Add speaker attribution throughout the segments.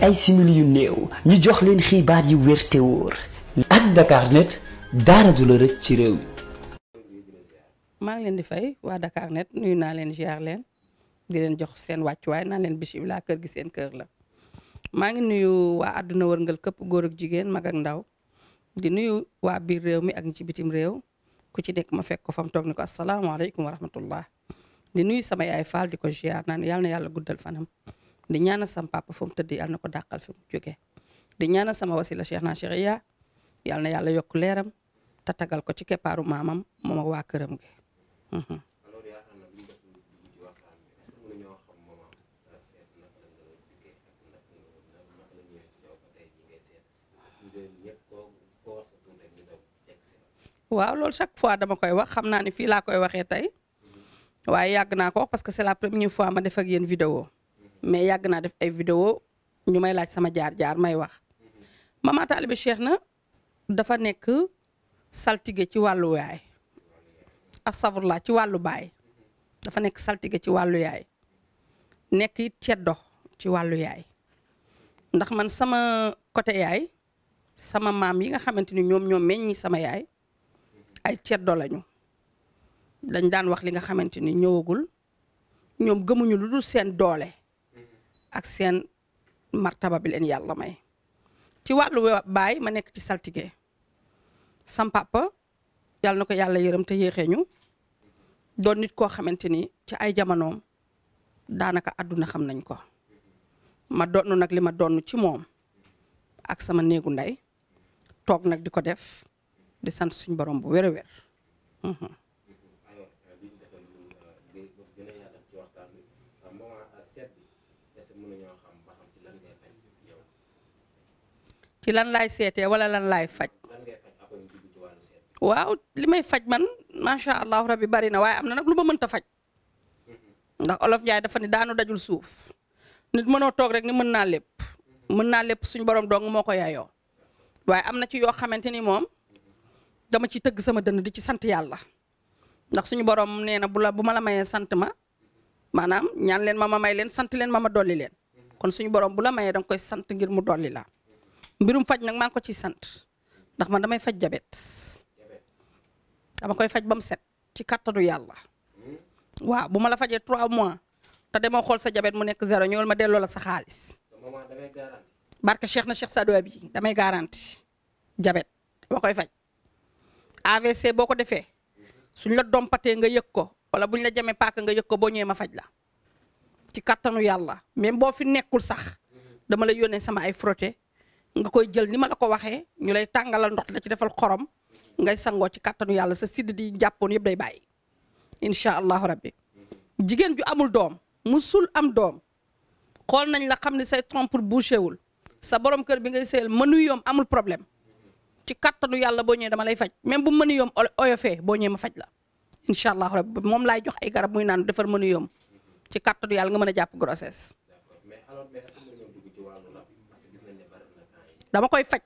Speaker 1: ay simili yu néew ñu jox leen xibaar yu wér te wóor. ak Dakarnet daara du la rëcc ci réew
Speaker 2: maa ngi leen di fay waa Dakarnet nuyu naa leen ziar leen di leen jox seen wàccuwaay naa leen laa kër gi seen kër la. maa ngi nuyu waa war wërngal këpp góor ak jigéen mag ak ndaw di nuyu waa biir réew mi ak ci bitim réew ku ci nekk ma fekk ko fam toog ni ko asalaamaaleykum wa rahmatullah di nuyu sama yaay Fall di ko ziar naan yàlla na yàlla guddal fanam. di ñaana sam papa fa mu tëdd yàlla na ko dàqal fi mu jógee di ñaanal sama wasila Cheikh na Cheikh ya yàlla na yàlla yokk leeram te tagal ko ci keppaaru maamam moom ak waa këram gi. waaw lool chaque fois dama koy wax xam naa ne fii laa koy waxee tey mhm. waaye yàgg naa ko parce que c'est la première fois ma def ak yéen vidéo mais yàgg naa def ay vidéo ñu may laaj sama jaar-jaar may wax Mama Talibé Cheikh na dafa nekk saltige ci wàllu yaay astafurlah ci wàllu baay dafa nekk saltige ci wàllu yaay nekk it ceddo ci wàllu yaay ndax man sama côté yaay sama maam yi nga xamante ni ñoom ñoom meññi sama yaay ay ceddo lañu dañ daan wax li nga xamante ni ñëwagul ñoom gëmuñu lu dul seen doole ak seen martaba bi leen yàlla may ci wàllu baay ma nekk ci saltige sam papa yàlla na ko yàlla yërëm te yéexee ñu doon nit koo xamante ni ci ay jamonoom daanaka àdduna xam nañ ko ma donn nag li ma donn ci moom ak sama néegu ndey toog nag di ko def di sant suñu borom bu wér a wér nañoo ci lan ngay faj laay seetee wala lan laay faj. waaw li may faj man macha allah rabi bari na waaye am na nag lu ma mënta faj. Mm-hmm. ndax olof Njaay dafa ne daanu dajul suuf. nit mënoo toog rek ni mën naa lépp. Mm-hmm. mën naa lépp suñu borom dong moo ko yaayoo. waaye am na ci yoo xamante ni moom. Mm-hmm. dama ci tëgg sama dënn di ci sant yàlla. ndax suñu borom nee na bu bu ma la mayee sant ma. maanaam ñaan leen ma ma may leen sant leen ma ma dolli leen kon suñu borom bu la mayee danga koy sant ngir mu dolli la mbirum faj nag maa ngi ko ciy sant ndax ma damay faj jabet dama koy faj ba mu set ci kattanu yàlla waaw bu ma la fajee 3 mois te demoo xool sa jabet mu nekk zéro ñëwal ma delloo la sa xaalis. barke Cheikh na Cheikh Sadou bi damay garanti jabet dama koy faj AVC boo ko defee suñ la dompatee nga yëg ko wala buñ la jamee paaka nga yëg ko boo ñëwee ma faj la. ci kattanu yàlla même boo fi nekkul sax dama lay yónnee sama ay frotté nga koy jël ni ma la ko waxee ñu lay tàngalal ndox la ci defal xorom ngay sangoo ci kàttanu yàlla sa sidd di jàppoon yëpp day bàyyi incha allahu rabbi jigéen ju amul doom musul am doom xool nañ la xam ne say trompe bouché wul sa borom kër bi ngay seel mënu yoom amul problème ci kattanu yàlla boo ñëwee dama lay faj même bu mënu yoom oyofee boo ñëwee ma faj la incha allahu rabbi moom laay jox ay garab muy naan defar mënu yoom ci kàttanu yàlla nga mën a jàpp grossesse. dama koy faj.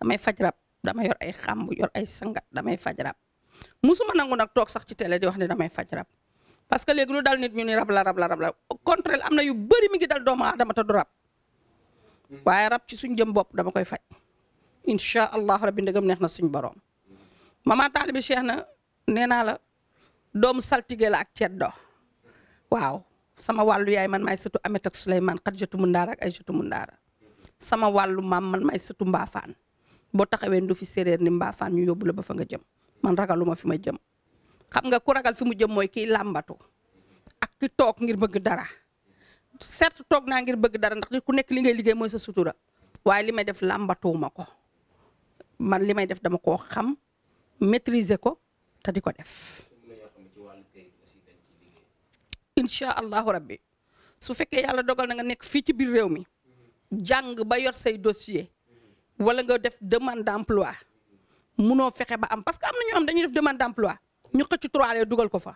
Speaker 2: damay faj rab dama yor ay xàmb yor ay sangat damay faj rab musuma nangu nag toog sax ci télé di wax ne damay faj rab parce que léegi lu dal nit ñu ni rab la rab la am na yu bëri mi ngi dal doomu adama te du rab hmm. waaye rab ci suñ jëm bopp dama koy faj incha allah rabbi ndegam neex na suñ borom. mama taalibi cheikh na nee la doomu saltige la ak ceddo waaw sama wàllu yaay man maay satu Amet ak Souleymane xat jotu mundaara ak ay jotu mundaara sama wàllu maam man maay satu mbaafaan boo taxawee du fi séeréer ni mbaafaan ñu yóbbu la ba fa nga jëm man ragaluma fi ma jëm xam nga ku ragal fi mu jëm mooy kiy làmbatu ak ki toog ngir bëgg dara certes toog naa ngir bëgg dara ndax ku nekk li ngay liggéey mooy sa sutura waaye li may def làmbatuwuma ko man li may def dama koo xam maitrise ko te di ko def incha allahu rabbi su fekkee yàlla dogal na nga nekk fii ci biir réew mi jàng ba yor say dossier wala nga def demande emploi d'emploi noo fexe ba am parce que am na ñoo xam dañuy def demande d'emploi ñu xëcc trois lee dugal ko fa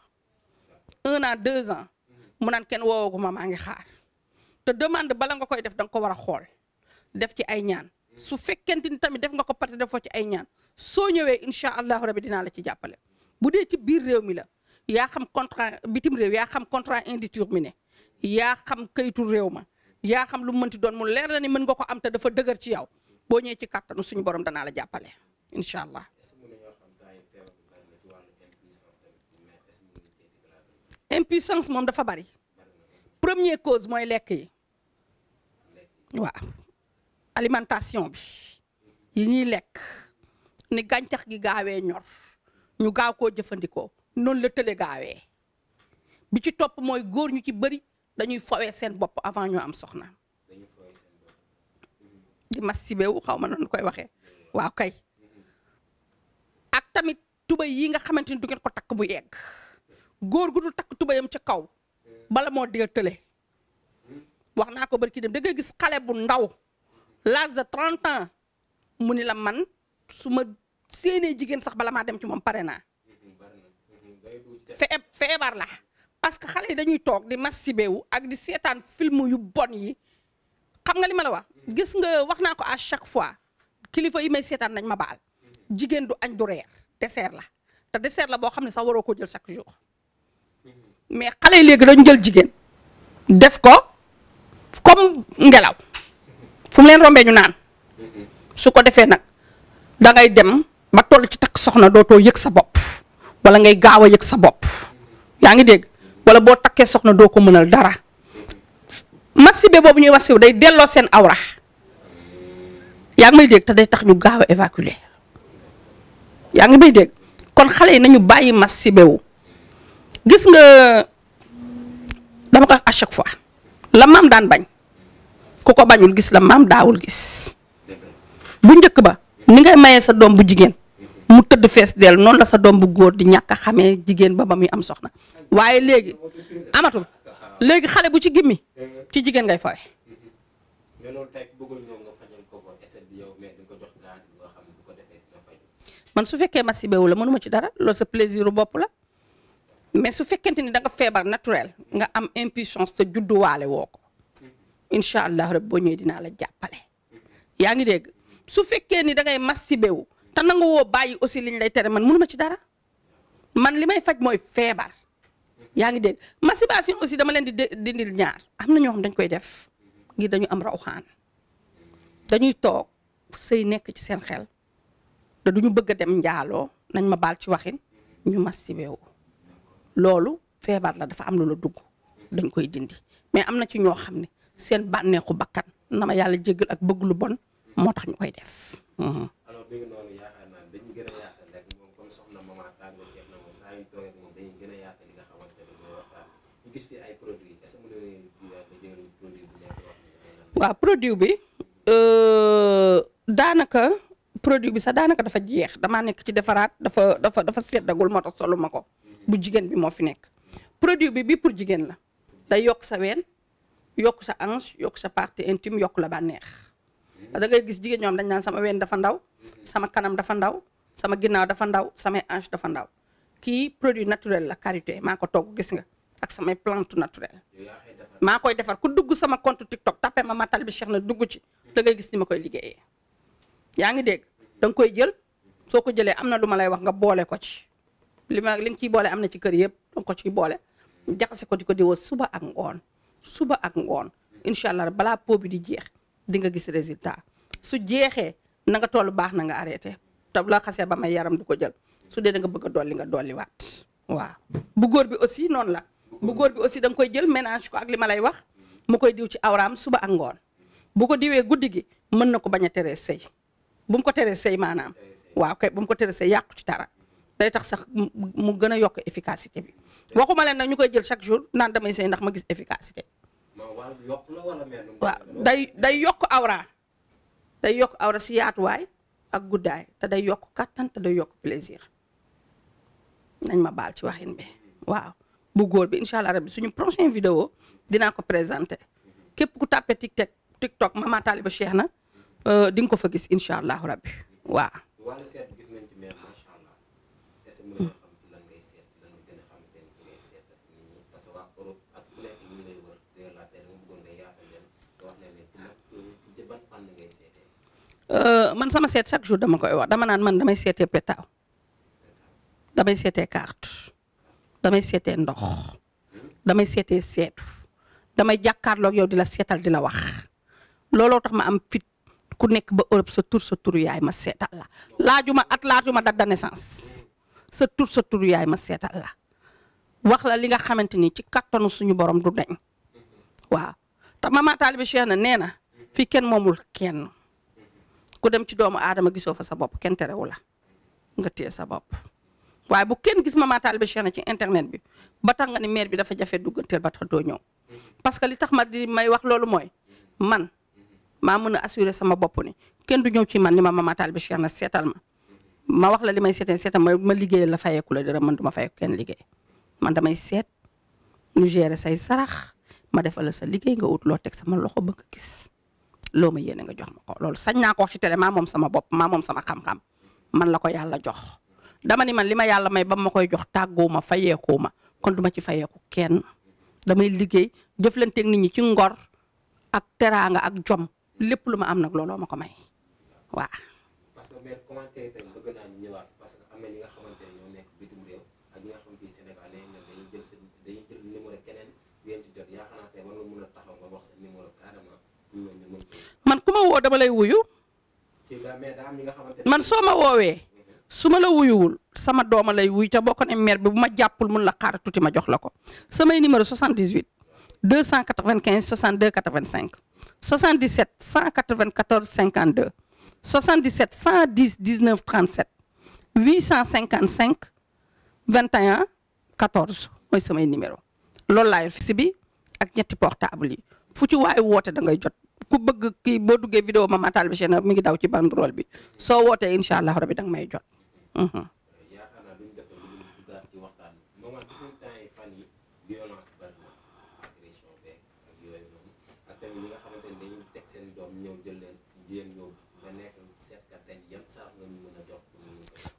Speaker 2: un an deux ans mu naan kenn woowoogu ma maa ngi xaar te demande bala nga koy def da nga ko war a xool def ci ay ñaan su fekkente ni tamit def nga ko pate defoo ci ay ñaan soo ñëwee incha allahu rabbi dinaa la ci jàppale bu dee ci biir réew mi la yaa xam contrat bitim réew yaa xam contrat mi ne yaa xam kayitu réew ma yaa xam lu mu mënti doon mu leer la ni mën nga ko am te dafa dëgër ci yow boo ñëwee ci kàttanu suñu borom dana la jàppale incha allah. impuissance moom dafa bari premier cause mooy lekk yi waaw alimentation bi yi ñuy lekk ni gàncax gi gaawee ñor ñu gaaw koo jëfandikoo. noonu la tële gaawee bi ci topp mooy góor ñu ci bëri dañuy fowee seen bopp avant ñu am soxna di masibé wu xaw ma noonu koy waxee waaw kay ak tamit tubay yi nga xamante ni du ko takk bu yegg góor gu dul takk tubayam ca kaw bala moo diga tële wax naa ko ki dem da gis xale bu ndaw l'âge de 30 ans mu ni la man su ma séenee jigéen sax bala maa dem ci moom pare naa c'est feebar la parce que xale yi dañuy toog di masibé wu ak di seetaan film yu bon yi xam nga li ma la wax gis nga wax naa ko à chaque fois kilifa yi may seetaan nañ ma baal jigéen du añ du reer dessert la te dessert la boo xam ne sax waroo ko jël chaque jour mais xale yi léegi dañu jël jigéen def ko comme ngelaw fu mu leen rombee ñu naan su ko defee nag da ngay dem ba toll ci takk soxna dootoo yëg sa bopp wala ngay gaaw a yëg sa bopp yaa ngi dégg wala boo takkee soxna doo ko mënal dara masibe boobu ñuy wasiw day delloo seen awra yaa ngi may dégg te day tax ñu gaaw a évacuer yaa ngi may dégg kon xale yi nañu bàyyi masibe wu gis nga dama ko à fois la maam daan bañ ku ko bañul gis la maam daawul gis bu njëkk ba ni ngay mayee sa doom bu jigéen mu tëdd fees dell noonu la sa doom bu góor di ñàkk a xamee jigéen ba ba muy am soxna waaye léegi amatul léegi xale bu ci gimmi ci jigéen ngay fooy. man su fekkee ma sibéwu la mënuma ci dara loolu sa plaisir bopp la mais su fekkente ni da feebar naturel nga am impuissance te judduwaale woo ko allah rek boo ñëwee dinaa la jàppale yaa ngi dégg su fekkee ni da ngay masibéwu te nangu woo bàyyi aussi liñ lay tere man mënuma ci dara man li may faj mooy feebar yaa ngi dégg masturbation aussi dama leen di dindil ñaar am na ñoo xam dañ koy def ngir dañu am rawxaan dañuy toog sëy nekk ci seen xel te duñu bëgg a dem njaaloo nañ ma baal ci waxin ñu masturbé wu loolu feebar la dafa am lu la dugg dañ koy dindi mais am na ci ñoo xam ne seen bànneexu bakkan na ma yàlla jéggal ak bëgg lu bon moo tax ñu koy def dégg noonu produits produit bi euh, daanaka produit bi sax daanaka dafa jeex damaa nekk ci defaraat dafa dafa dafa seddagul moo tax soluma ko bu jigéen bi moo fi nekk produit bi bi pour jigéen la day yokk sa wenn yokk sa hanche yokk sa partie intime yokk la bànneex da ngay gis jigéen ñoom dañ naan sama ween dafa ndaw sama kanam dafa ndaw sama ginnaaw dafa ndaw samay hanche dafa ndaw kii produit naturel la karité maa ko togg gis nga ak samay plante naturel maa koy defar ku dugg sama compte TikTok tapé ma matal bi Cheikh na dugg ci da ngay gis ni ma koy liggéeyee yaa ngi dégg da nga koy jël soo ko jëlee am na lu ma lay wax nga boole ko ci li ma li nga ciy boole am na ci kër yëpp danga ko ciy boole jaxase ko di ko diwoo suba ak ngoon suba ak ngoon incha balaa po bi di jeex di nga gis résultat su jeexe na nga toll baax na nga arrêté te la xasee ba may yaram du ko jël su dee da nga bëgg a dolli nga dolliwaat waaw. bu góor bi aussi noonu la bu góor bi aussi da koy jël ménage ko ak li ma lay wax mu koy diw ci awraam suba ak ngoon bu ko diwee guddi gi mën na ko baña a teree sëy bu mu ko teree sëy maanaam waa kay bu mu ko teree sëy yàqu ci dara day tax sax mu gën a yokk efficacité bi ma leen na ñu koy jël chaque jour naan damay sëy ndax ma gis efficacité.
Speaker 1: waaw
Speaker 2: day day yokk awra day yokk awra si ak guddaay te day yokk kàttan te day yokk plaisir nañ ma baal si waxin bi waaw bu góor bi incha allah rabbi suñu prochaine vidéo dinaa ko présenté képp ku tàppee ma tiktok Mama Taliba Cheikhna euh, di nga ko fa gis incha allahu rabbi waaw Euh, man sama seet chaque jour dama koy wax dama naan man damay seetee pétaaw damay seetee carte damay seete ndox damay seete seet damay jàkkaarloog yow di la seetal di la wax looloo tax ma am fit ku nekk ba Europe sa tur sa turu yaay ma seetal la laajuma at laajuma date de naissance sa tur sa turu yaay ma seetal la wax la li nga xamante ni ci kattanu suñu borom du dañ waaw te mama taalibi Cheikh na nee na fii kenn moomul kenn. ku dem ci doomu aadama gisoo fa sa bopp kenn terewu la nga téye sa bopp waaye bu kenn gis ma Mama bi Cheikh na ci internet bi ba tax nga ni maire bi dafa jafe dugganteel ba tax doo ñëw parce que li tax ma di may wax loolu mooy man maa mën a assurer sama bopp ni kenn du ñëw ci man ni ma Mama Talibé Cheikh na seetal ma ma wax la li may seetee seetal ma ma liggéeyal la fayeeku la dara man du ma fayeeku liggéey man damay seet ñu gérer say sarax ma defala sa liggéey nga ut loo teg sama loxo ba nga gis loolu ma yéene nga jox ma ko loolu sañ naa ko wax ci télé maa moom sama bopp maa moom sama xam-xam man la ko yàlla jox dama ni man li ma yàlla may ba ma koy jox tàggoo ma fayeekoo ma kon duma ci fayeeku kenn damay liggéey jëflanteeg nit ñi ci ngor ak teraanga ak jom lépp lu ma am nag looloo ma ko may waaw.
Speaker 1: na ñi nga xamante ne ñoo nekk
Speaker 2: man ku ma woo dama lay wuyu man soo ma woowee su ma la wuyuwul sama dooma lay wuyu te bokk ne maire bi bu ma jàppul mun la xaar tuuti ma jox la ko samay numéro 78 295 62 85 77 194 52 77 110 19 37 855 21 14 mooy samay numéro loolu laay fi bi ak ñetti portable yi fu ci waaye woote da ngay jot ku bëgg kii boo duggee vidéo Mame Atta Alboury Chine mi ngi daw ci banderole bi soo wootee incha allah rabi danga may jot. Mhm.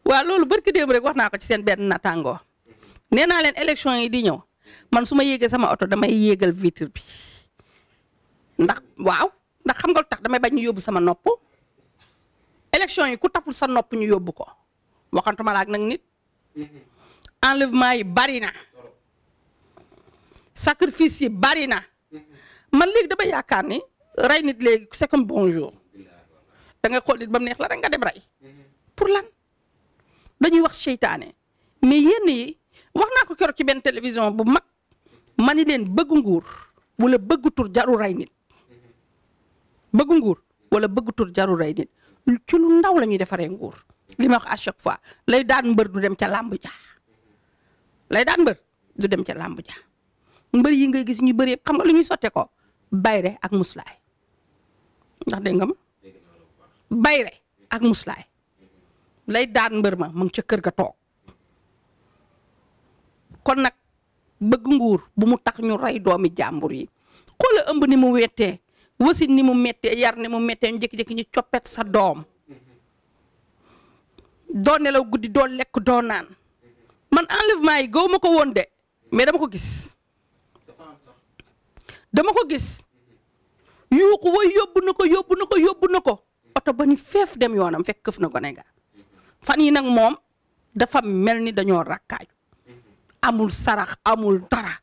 Speaker 2: waaw loolu barki démb rek wax naa ko ci seen benn nattangoo mhm. nee naa leen élection yi di ñëw man su ma yéegee sama oto damay yéegal vitre bi ndax waaw ndax xam ga lu tax damay bañ ñu yóbbu sama nopp élection yi ku taful sa noppu ñu yóbbu ko waxantuma la ak nag nit mm-hmm. enlèvement yi bari na sacrifice yi bari na mm-hmm. man léegi dama yaakaar ni rey nit léegi c'est comme bonjour da nga xool nit ba mu neex la rek nga dem rey mm-hmm. pour lan dañuy wax seytaane mais yenn yi wax naa ko keroog ci benn télévision bu mag ma ni leen bëgg nguur wala bëgg tur jaru ray nit bëgg nguur wala bëgg tur jarul rey nit ci ndaw la ñuy defaree nguur lima ma wax à chaque fois lay daan mbër du dem ca làmb ja lay daan mbër du dem ca làmb ja mbër yi ngay gis ñi bëri yëpp xam nga lu ñuy sotte ko bayre ak muslaay ndax dégg nga bayre ak muslaay lay daan mbër ma mu ngi ca kër ga toog kon nag bëgg nguur bu mu tax ñu rey doomi jàmbur yi xoola ëmb ni mu wettee wasin ni mu méttee yar ni mu méttee ñu jékki-jékki ñu coppet sa doom doo nelaw guddi doo lekk doo naan man enlèvement yi gaw ma ko woon de mais dama ko gis dama ko gis yuuxu woy yóbbu na ko yóbbu na ko yóbbu na ko oto ba ni feef dem yoonam fekk këf na gone ga fan yi nag moom dafa mel ni dañoo rakkaaju mhm. amul sarax amul dara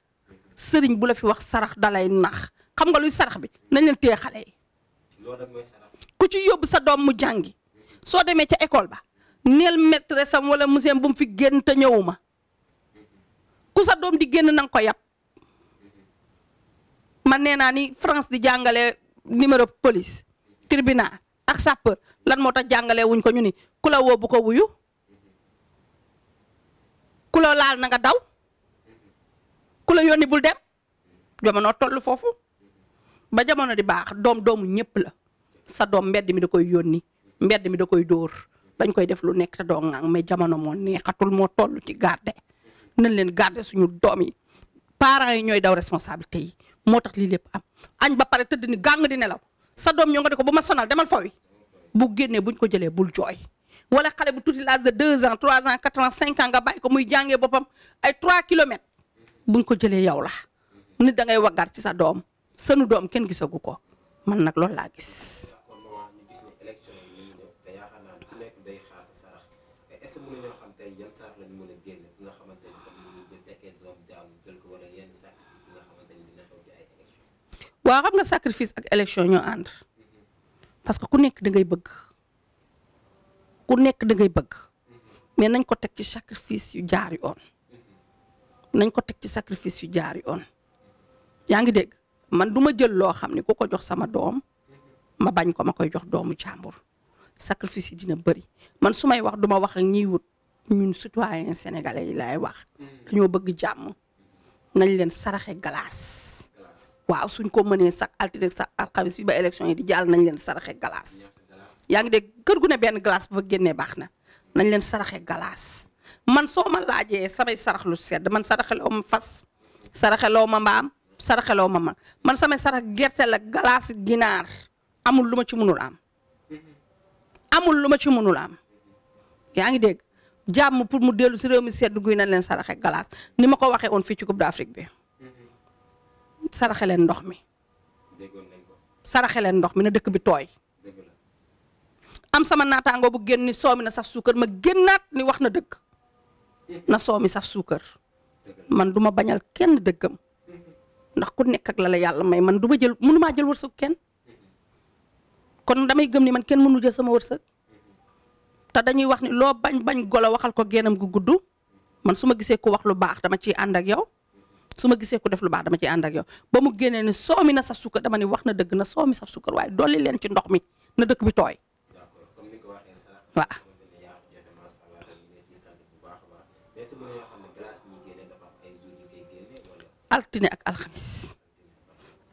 Speaker 2: sëriñ bu la fi wax sarax dalay nax xam nga luy sarax bi nañ leen téye xale yi. ku ci yóbbu sa doom mu jàngi soo demee ca école ba neel maîtresse am wala museen bu mu fi génn te ñëwuma ku sa doom di génn nanga ko yab man nee naa ni France di jàngale numéro police tribunal ak sapeur lan moo tax jàngalee wuñ ko ñu ni ku la woo bu ko wuyu ku la laal nanga daw ku la yónni bul dem jamono toll foofu. ba jamono di baax doom doomu ñëpp la sa doom mbedd mi da koy yónni mbedd mi da koy dóor dañ koy def lu nekk te doo ŋàng mais jamono moo neexatul moo tollu ti garde nan leen garde suñu doom yi parents yi ñooy daw responsabilité yi moo tax lii lépp am añ ba pare tëdd ni gàng di nelaw sa doom ñoo nga di ko bu ma sonal demal fawi bu génnee buñ ko jëlee bul jooy wala xale bu tuuti l'âge de 2 ans 3 ans 4 ans 5 ans nga bàyyi ko muy jàngee boppam ay 3 kilomètres buñ ko jëlee yow la nit da ngay waggar ci sa doom sënu doom kenn gisagu ko man nag lool laa gis. waaw xam nga sacrifice ak élection ñoo ànd parce que ku nekk da ngay bëgg ku nekk da ngay bëgg mais nañ ko teg ci sacrifice yu jaar yoon nañ ko teg ci sacrifice yu jaar yoon yaa ngi dégg man duma jël loo xam ne ku ko jox sama doom ma bañ ko ma koy jox doomu jàmbur sacrifice yi dina bëri man su may wax duma ma wax ak ñiy wut ñun citoyen sénégalais yi laay wax dañoo bëgg jàmm nañ leen saraxe galaas waaw suñ ko mënee sax altine sax alxamis bi ba yi di jàll nañ leen saraxe glace yaa ngi dégg kër gu ne benn glace bu fa génnee baax na nañ leen saraxe galaas man soo ma laajee samay saraxlu sedd man saraxeloo ma fas saraxeloo ma mbaam saraxeloo ma mag man samay sarax gerte la galaas ginaar amul lu ma ci munul am amul lu ma ci munul am yaa ngi dégg jàmm pour mu dellu si réew mi sedd guy na leen saraxe galaas ni ma ko waxee oon fii ci Coupe d'Afrique bi saraxeleen ndox mi saraxe ndox mi na dëkk bi tooy am sama naataangoo bu génn ni soomi na saf suukar ma génnaat ni wax na dëkk na soomi saf suukar man duma bañal kenn dëggam ndax ku nekk ak la la yàlla may man du ma jël mënu jël wërsëg kenn kon damay gëm ni man kenn mënu jël sama wërsëg te dañuy wax ni loo bañ bañ golo waxal ko génnam gu gudd man su ma gisee ku wax lu baax dama ciy ànd ak yow su ma gisee ku def lu baax dama ciy àndak ak yow ba mu génnee ni soo mi na saf sukkar dama ni wax na dëgg na soow mi saf sukkar waaye dolli leen ci ndox mi na dëkk bi tooy waaw altine ak alxamis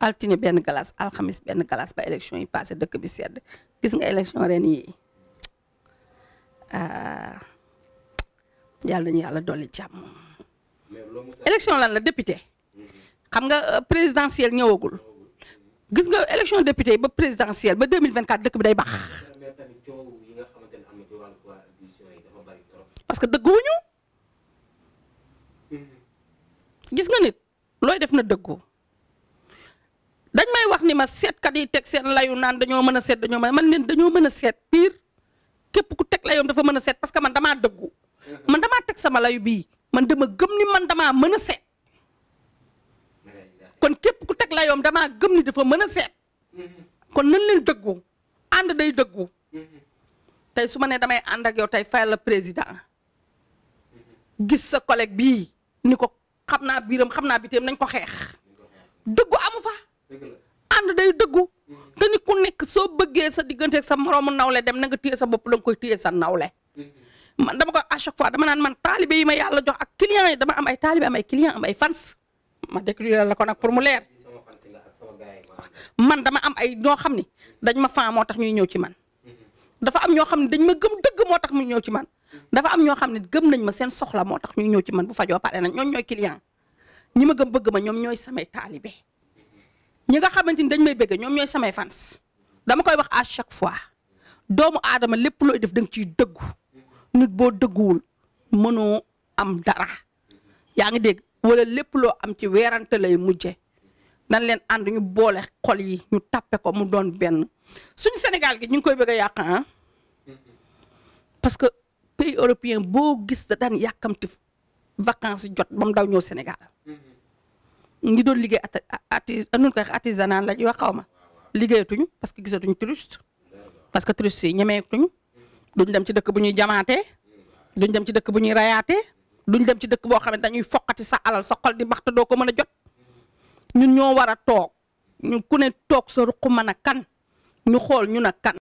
Speaker 2: altine benn galaas alxamis benn galaas ba élection yi passé dëkk bi sedd gis nga élection ren yii ah, yàlla nañu yàlla dolli jàmm. élection lan la député. xam nga euh, présidentielle ñëwagul. gis nga élection député yi ba présidentielle ba 2024 dëkk bi day baax. parce que dëgguwuñu. gis nga nit. looy def na dëggu dañ may wax ni ma seetkat yi teg seen layu naan dañoo mën a seet dañoo mën leen dañoo mën a seet piir képp ku teg layoom dafa mën a seet parce que man damaa dëggu mm-hmm. man damaa teg sama layu bii man dama gëm ni man damaa mën a seet mm-hmm. kon képp ku teg layoom damaa gëm ni dafa mën a seet mm-hmm. kon nañ leen dëggu ànd day dëggu tey su ma nee damay ànd ak yow tey fayal la président gis sa collègue bii ni ko xam naa biiram xam naa biteem dañ ko xeex dëggu amu fa ànd day dëggu te ni ku nekk soo bëggee sa diggante sa moroomu nawle dem na nga téye sa bopp la koy téye sa nawle man dama ko à chaque fois dama naan man taalibe yi ma yàlla jox ak client yi dama am ay taalibe am ay client am ay fans ma décrire la ko nag pour mu leer man dama am ay ñoo xam ni dañ ma fan moo tax ñuy ñëw ci man dafa am ñoo xam ne dañ ma gëm dëgg moo tax mu ñëw ci man dafa am ñoo xam ne gëm nañ ma seen soxla moo tax ñuy ñëw ci man bu fajoo pare nañ ñoom ñooy client ñi ma gëm bëgg ma ñoom ñooy samay taalibe ñi nga xamante ni dañ may bëgg ñoom ñooy samay fans dama koy wax à chaque fois doomu aadama lépp looy def da ciy dëggu nit boo dëgguwul mënoo am dara yaa ngi dégg wala lépp loo am ci weerante lay mujje nan leen ànd ñu boole xol yi ñu tàppe ko mu doon benn suñu Sénégal gi ñu ngi koy bëgg a yàq ah parce que pays européen boo gis da daan yàkkamti vacances jot ba mu daw ñëw Sénégal ngi mhm. doon liggéey at ati nu koy artisanal la ñuy wax xaw ma liggéeyatuñu parce que gisatuñu touriste parce que touriste yi ñemeetuñu duñ dem ci dëkk bu ñuy jamaatee mhm. duñ dem ci dëkk bu ñuy rayaatee duñ dem ci dëkk boo xam ne dañuy foqati sa alal sa xol di baxta doo ko mën a jot mhm. ñun ñoo war a toog ñu ku ne toog sa ruq mën a kan ñu xool ñu na kan